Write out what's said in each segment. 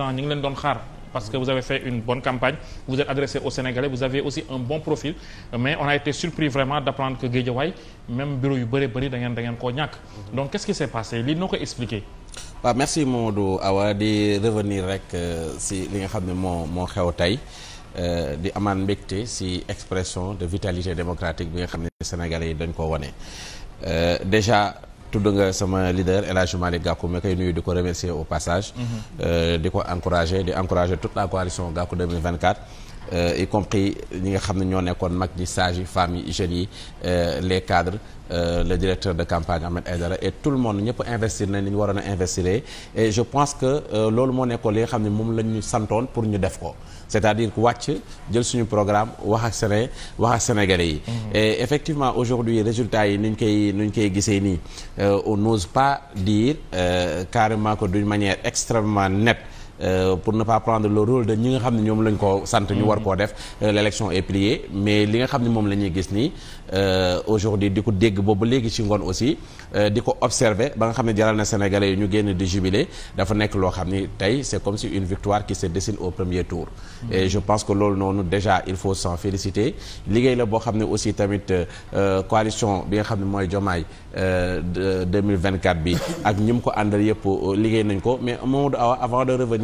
président ñu ngi leen doon xaar parce que vous avez fait une bonne campagne vous êtes adressé aux Sénégalais vous avez aussi un bon profil mais on a été surpris vraiment d'apprendre que Guédiawaye même bureau yu bëri bëri da ngeen da ngeen koo ñàkk donc qu'est-ce qui s'est passé lii noo ko expliquer waaw merci Mamadou Awa di revenir rek euh, si li nga xam ne moo moo xew tey euh, di amaat mbégte si expression de vitalité démocratique bi nga xam ne Sénégalais yi dañ koo wane euh, tudd nga sama leader El Hadj Malick Gakou ma koy nuyu di ko remercier au passage. Mhm. Euh, di ko encourager di encourager toute la coalition Gakou Euh, y compris ñi nga xam ne ñoo nekkoon mag ñi sages yi femmes yi jeunes yi euh, les cadres euh, le directeur de campagne Ahmed Aïdara et tout le monde ñëpp investir nañ li ñu waroon a investir et je pense que loolu moo nekkoon li nga xam ne moom lañ ñu santoon pour ñu def ko c'est-à-dire que wàcc jël suñu programme wax a Séné wax ak sénégalais yi. Mmh. et effectivement aujourd'hui résultats yi nuñ koy nuñ koy gisee nii on n'ose pas dire carrément que d'une manière extrêmement nette. Euh, pour ne pas prendre le rôle de ñi nga xam ne ñoom lañ koo sant ñu war mm-hmm. koo def euh, l'élection est pliée mais li nga xam ne moom la ñuy gis nii euh, aujourd'hui di ko dégg boobu léegi ci ngoon aussi di ko observer ba nga xam ne jaral na Sénégalais yi ñu génn di jubilé dafa nekk loo xam ni tey c'est comme si une victoire qui se dessine au premier tour mm-hmm. et je pense que loolu noonu déjà il faut s'en féliciter liggéey la boo xam ne aussi tamit coalition bi nga xam ne mooy Diomaye 2024 bi ak ñi ko àndal yëpp liggéey nañ ko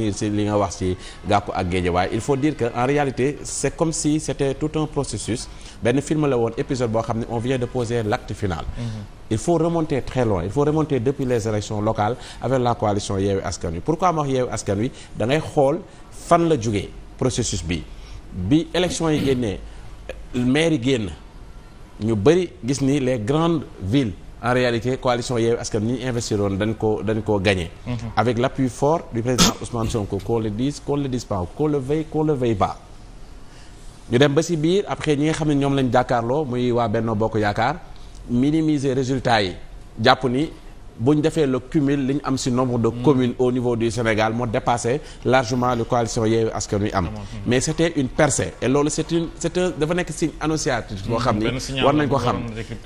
revenir si li nga wax si gàpp ak Guédiawaye il faut dire que en réalité c'est comme si c'était tout un processus benn film la woon épisode boo xam ne on vient de l'acte final mhm. il faut remonter très loin il faut remonter depuis les élections locales avec la coalition Yewwi Askan Wi pourquoi ma wax Yewwi Askan Wi da xool fan la jógee processus bi bi élection yi génnee maire yi génn ñu bëri gis ni les grandes villes en réalité coalition Yewwi Askan ni ñu investiroon dañ ko dañ koo gagné. Mhm. avec l' appui fort du président Ousmane Sonko qu'on le dise qu'on le dise pas qu'on le veuille qu'on le veuille pas. ñu dem ba si biir après ñi nga xam ne ñoom lañ jàkkaarloo muy waa Benno Bokk Yaakaar minimiser résultat yi jàpp ni. bu ñu defee le cumul li ñu am si nombre de mm. communes au niveau du Sénégal moo dépassé largement le coalition Yewwi Askan Wi am mais c' était une percée et loolu c' dafa nekk signe annonciatif boo xam ni mm, war nañ ko xam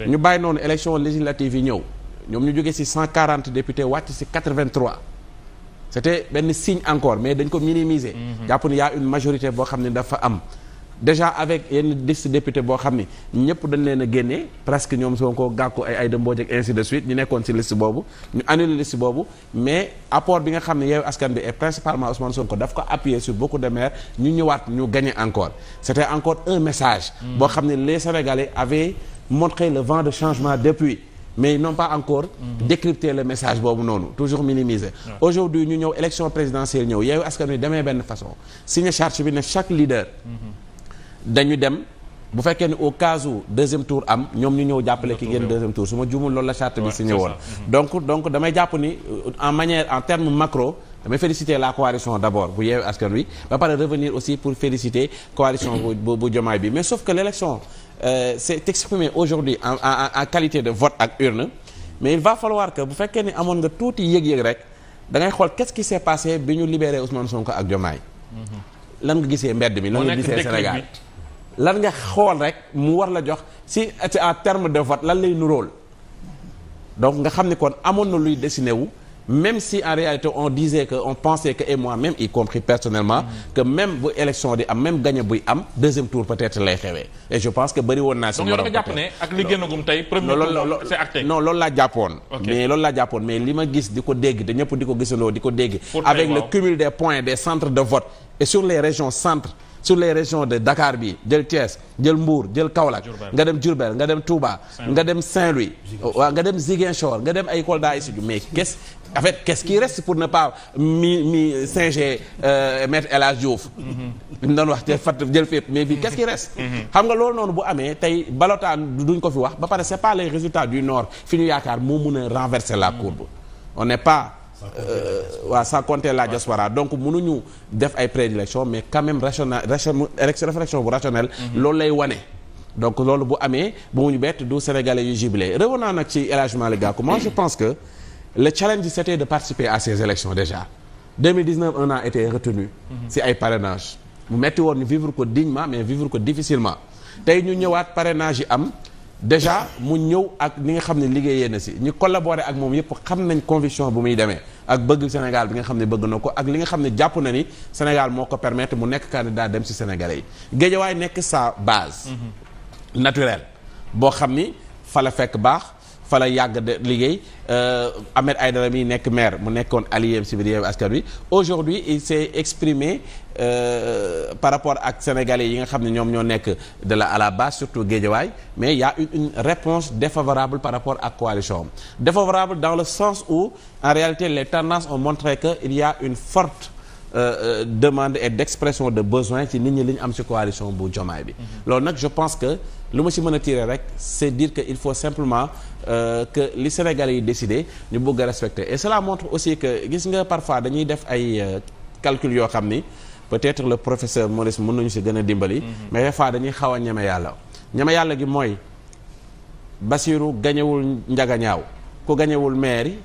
ñu bàyyi noonu élection législative yi ñëw ñoom ñu jógee si cent quarante députés wàcc si quatre vingt trois benn signe encore mais dañ ko minimiser mm-hmm. jàpp ni y' une majorité boo xam ne dafa am déjà avec yenn liste député boo xam ni ñëpp dañ leen a génnee presque ñoom Sonko gàkku ay ay Aïda Mbodj ak ainsi de suite ñu nekkoon ci liste boobu ñu annulé liste boobu mais apport bi nga xam ne Yewwi Askan Wi et principalement Ousmane Sonko daf ko appuyé sur beaucoup de ñu ñëwaat ñu gagné encore c'était encore un message mm. boo xam ne les Sénégalais avaient montré le vent de changement depuis mais ils n'ont pas encore mm-hmm. décrypté le message boobu noonu toujours minimisé ñu ñëw élection présidentielle ñëw Yewwi Askan Wi demee benn façon signé charge chaque leader mm-hmm. dañu dem bu fekkee ne au cas où deuxième tour am ñoom ñu ñëw jàppale ki génn deuxième tour su ma juumul loolu la charte bi signé woon mhm. donc donc damay jàpp ni euh, en manière en terme macro damay féliciter la coalition d'abord bu yeewee askan wi ba pare revenir aussi pour féliciter coalition bu bu jomaay bi mais sauf que l'élection euh, s'est exprimée aujourd'hui en, qualité de vote ak urne mais il va falloir que bu fekkee ni amoon nga tuuti yëg-yëg rek da ngay xool qu'est-ce qui s'est bi ñu libéré Ousmane Sonko ak Diomaye mhm. lan nga gisee mbedd mi lan nga gisee Sénégal lan nga xool rek mu war la jox si ci en terme de vote lan lay nuróol donc nga xam ni kon amoon na luy dessiné wu même si en réalité on disait que on pensait que et moi-même y compris personnellement mmh. que même bu élection di am même gagné buy am deuxième tour peut-être lay xewee et je pense que bëri woon naa si donc jàpp laa jàppoon mais loolu laa jàppoon mais li ma gis di ko dégg te ñëpp di ko gisandoo di ko dégg avec le cumul des points des centres de vote les régions centres sur les régions de Dakar bi jël Thiès jël Mbour jël Kaolack nga dem Diourbel nga dem Touba nga dem Saint-Louis waaw nga dem Ziguinchor nga dem ay Kolda ay Sédhiou mais qu'est-ce en fait qu'est-ce qui reste pour ne pas mi mi singer euh, maître El Hadj Diouf ñu mhm. doon wax te fat jël fépp mais bi qu'est-ce qui reste mhm. Mhm. xam nga loolu noonu bu amee tey balotaan duñ ko fi wax ba pare c'est pas les résultats du Nord fi ñu yaakaar moo mun a renverser la courbe on n'est pas Euh, waaw sans compter la diaspora donc mënuñu def ay prédilection mais quand même rationnel réflexion bu rationnelle mhm. loolu lay wane donc loolu bu amee bu mu bett du sénégalais yu jubilé revenant nag ci Elhadji Malick Gakou moi je pense que le challenge c'était de participer à ces élections déjà 2019 on a été retenu mhm. si ay parrainage mu metti woon vivre ko dignement mais vivre ko difficilement tey ñu ñëwaat parrainage yi am déjà mu ñëw ak ni nga xam ne liggéeyee na si ñu collaborer ak moom yëpp xam nañ conviction bu muy demee ak bëgg Sénégal bi nga xam ne bëgg na ko ak li nga xam ne jàpp na ni Sénégal moo ko permettre mu nekk daa dem si Sénégalais yi Guédiawaye nekk sa base mm-hmm. naturel boo xam ni fa fekk baax fa la yàgg de liggéey euh, Ahmed Aïdara mi nekk maire mu nekkoon allié si biir Yewwi Askan aujourd'hui il s'est exprimé euh, par rapport ak sénégalais yi nga xam ne ñoom ñoo nekk de la à la base surtout Guédiawaye mais il a une, une réponse défavorable par rapport à coalition défavorable dans le sens où en réalité les tendances ont montré que il y a une forte Euh, euh, demande et d'expression de besoin ci nit ñi li ñu am ci coalition bu Jomaay bi mhm. loolu nag je pense que lu ma ci mën a tirer rek c'est dire que il faut simplement euh, que li sénégal yi décider ñu bëgg a respecter et cela montre aussi que gis nga parfois dañuy def ay euh, calcul yoo xam ni peut-être la professeur Maurice mën nañu ci gën a dimbali mhm. mais des dañuy xaw a ñeme yàlla ñeme yàlla gi mooy Bassirou gañewul njagañaaw ku gañewul mairie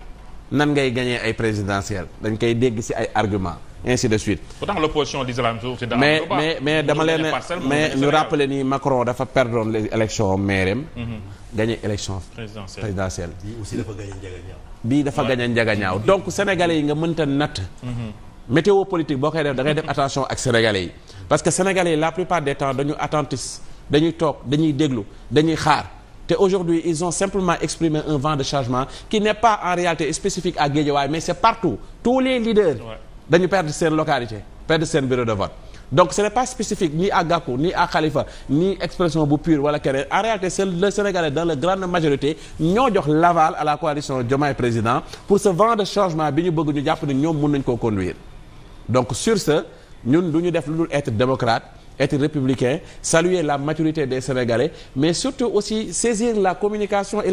nan ngay gañee ay présidentielles dañ koy dégg ci ay argument ainsi de suite. pourtant l'opposition disait la même chose mais mais mais dama leen mais ñu rappeler ni Macron dafa perdoon les élections mairem mhm. gagné élection présidentielle. bii dafa gagné njagañaaw. Mhm. donc sénégalais yi nga mënta natt. Mhm. météo politique boo koy def da def attention ak sénégalais yi. parce que sénégalais yi la plupart des temps dañu attentiste dañuy toog dañuy déglu dañuy xaar. te aujourd'hui ils ont simplement exprimé un vent de changement qui n'est pas en réalité spécifique à Guédiawaye mais dañu perdre seen localité perdre seen bureau de vote donc ce n'est pas spécifique ni à Gakou ni à Khalifa ni expression bu pure wala keneen en réalité c'est le Sénégalais dans la grande majorité ñoo jox l'aval à la coalition Diomaye Président pour ce vent de changement bi ñu ñu jàpp ne ñoom mën nañ koo conduire donc sur ce ñun du ñu def lu dul être démocrate être républicain saluer la maturité des Sénégalais mais surtout aussi saisir la communication et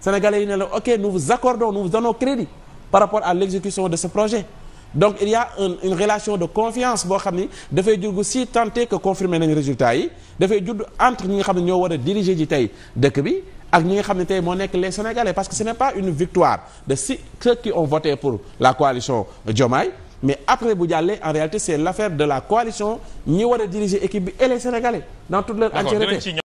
sénégalais yi ne la ok nous vous accordons nous vous donnons crédit par rapport à l'exécution de ce projet donc il y a un une relation de confiance boo xam ni dafay jurgu si tenté que confirmer nañ résultat yi dafay juddu entre ñi nga xam ne ñoo war a ji tey dëkk bi ak ñi nga xam ne tey moo nekk les sénégalais parce que ce n'est pas une victoire de si ceux qui ont voté pour la coalition Diomaye mais après bu jàllee en réalité c'est l'affaire de la coalition ñi war a